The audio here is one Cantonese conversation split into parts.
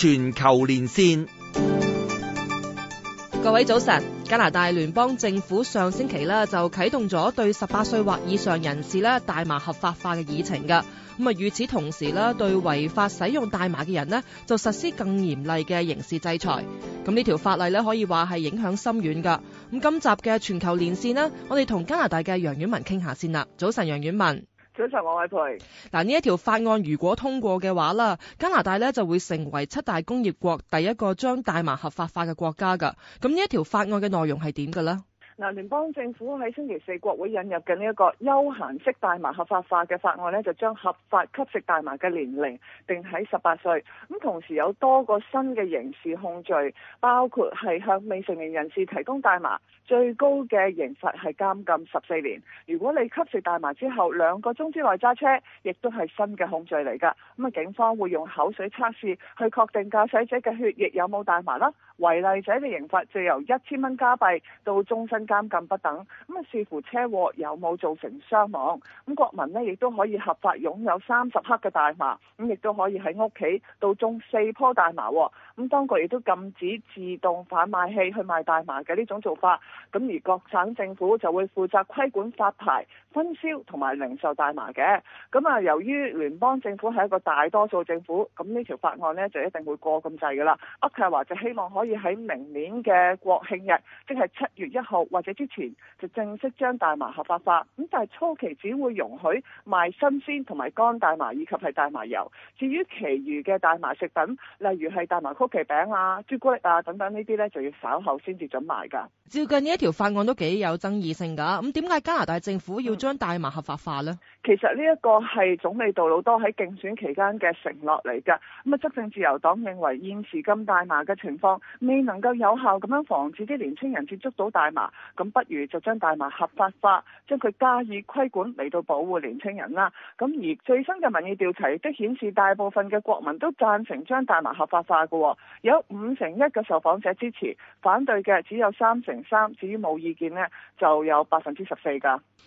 全球連線，各位早晨！加拿大聯邦政府上星期呢，就啟動咗對十八歲或以上人士咧大麻合法化嘅議程噶。咁啊，與此同時呢，對違法使用大麻嘅人呢，就實施更嚴厲嘅刑事制裁。咁呢條法例呢，可以話係影響深遠噶。咁今集嘅全球連線呢，我哋同加拿大嘅楊婉文傾下先啦。早晨，楊婉文。主持人王慧蓓，嗱，呢一條法案如果通過嘅話啦，加拿大咧，就會成為七大工業國第一個將大麻合法化嘅國家㗎。咁呢一條法案嘅內容係點㗎咧？嗱，聯邦政府喺星期四國會引入嘅呢一個休閒式大麻合法化嘅法案呢就將合法吸食大麻嘅年齡定喺十八歲，咁同時有多個新嘅刑事控罪，包括係向未成年人士提供大麻，最高嘅刑罰係監禁十四年。如果你吸食大麻之後兩個鐘之內揸車，亦都係新嘅控罪嚟㗎。咁啊，警方會用口水測試去確定駕駛者嘅血液有冇大麻啦。違例者嘅刑罰就由一千蚊加幣到終身監禁不等，咁啊視乎車禍有冇造成傷亡。咁國民呢亦都可以合法擁有三十克嘅大麻，咁亦都可以喺屋企到種四棵大麻。咁當局亦都禁止自動販賣器去賣大麻嘅呢種做法。咁而各省政府就會負責規管發牌、分銷同埋零售大麻嘅。咁啊，由於聯邦政府係一個大多數政府，咁呢條法案呢就一定會過咁滯㗎啦。渥太華就希望可以喺明年嘅國慶日，即係七月一號，或者之前就正式將大麻合法化，咁但係初期只會容許賣新鮮同埋乾大麻以及係大麻油，至於其餘嘅大麻食品，例如係大麻曲奇餅啊、朱古力啊等等呢啲咧，就要稍後先至准賣噶。照近呢一條法案都幾有爭議性噶，咁點解加拿大政府要將大麻合法化咧、嗯？其實呢一個係總理杜魯多喺競選期間嘅承諾嚟噶，咁啊執政自由黨認為現時禁大麻嘅情況未能夠有效咁樣防止啲年青人接觸到大麻。咁不如就將大麻合法化，將佢加以規管嚟到保護年青人啦。咁而最新嘅民意調查亦都顯示，大部分嘅國民都贊成將大麻合法化㗎喎，有五成一嘅受訪者支持，反對嘅只有三成三，至於冇意見呢，就有百分之十四嘅。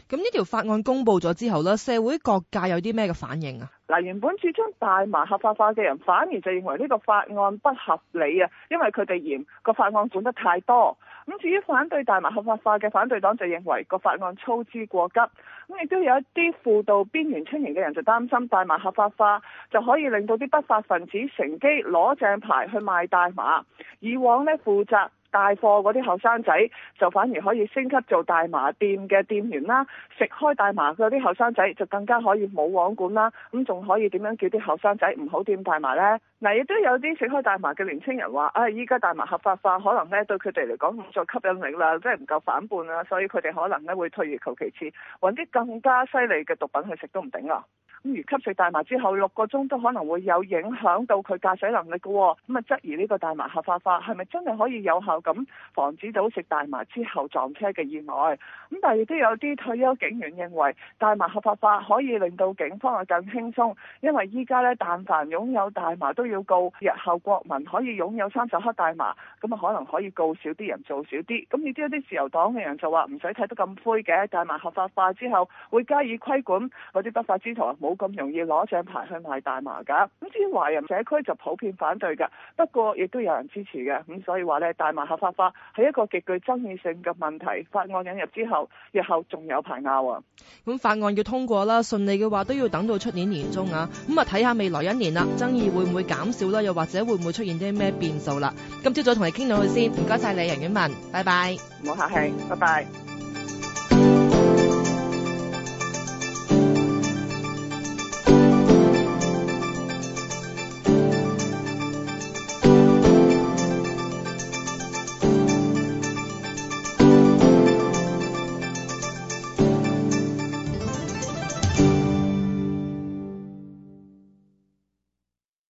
咁呢條法案公布咗之後咧，社會各界有啲咩嘅反應啊？嗱，原本主張大麻合法化嘅人，反而就認為呢個法案不合理啊，因為佢哋嫌個法案管得太多。咁至於反對大麻合法化嘅反對黨就認為個法案操之過急，咁亦都有一啲輔導邊緣青年嘅人就擔心大麻合法化就可以令到啲不法分子乘機攞正牌去賣大麻，以往呢，負責大貨嗰啲後生仔就反而可以升級做大麻店嘅店員啦，食開大麻嗰啲後生仔就更加可以冇網管啦，咁仲可以點樣叫啲後生仔唔好掂大麻呢？嗱，亦都有啲食開大麻嘅年青人話，啊、哎，依家大麻合法化，可能呢對佢哋嚟講唔再吸引力啦，即係唔夠反叛啦，所以佢哋可能呢會退而求其次，揾啲更加犀利嘅毒品去食都唔頂啦，咁如吸食大麻之後六個鐘都可能會有影響到佢駕駛能力嘅喎，咁啊質疑呢個大麻合法化係咪真係可以有效？咁防止到食大麻之後撞車嘅意外，咁但係亦都有啲退休警員認為大麻合法化可以令到警方啊更輕鬆，因為依家咧但凡擁有大麻都要告，日後國民可以擁有三十克大麻，咁啊可能可以告少啲人做少啲。咁亦都有啲自由黨嘅人就話唔使睇得咁灰嘅，大麻合法化之後會加以規管嗰啲不法之徒啊，冇咁容易攞證牌去賣大麻㗎。咁至於華人社區就普遍反對㗎。不過亦都有人支持嘅，咁所以話咧大麻合法化係一個極具爭議性嘅問題。法案引入之後，日後仲有排拗啊！咁法案要通過啦，順利嘅話都要等到出年年中啊！咁啊，睇下未來一年啦，爭議會唔會減少啦，又或者會唔會出現啲咩變數啦？今朝早同你傾到去先，唔該晒。楊婉文，拜拜，唔好客氣，拜拜。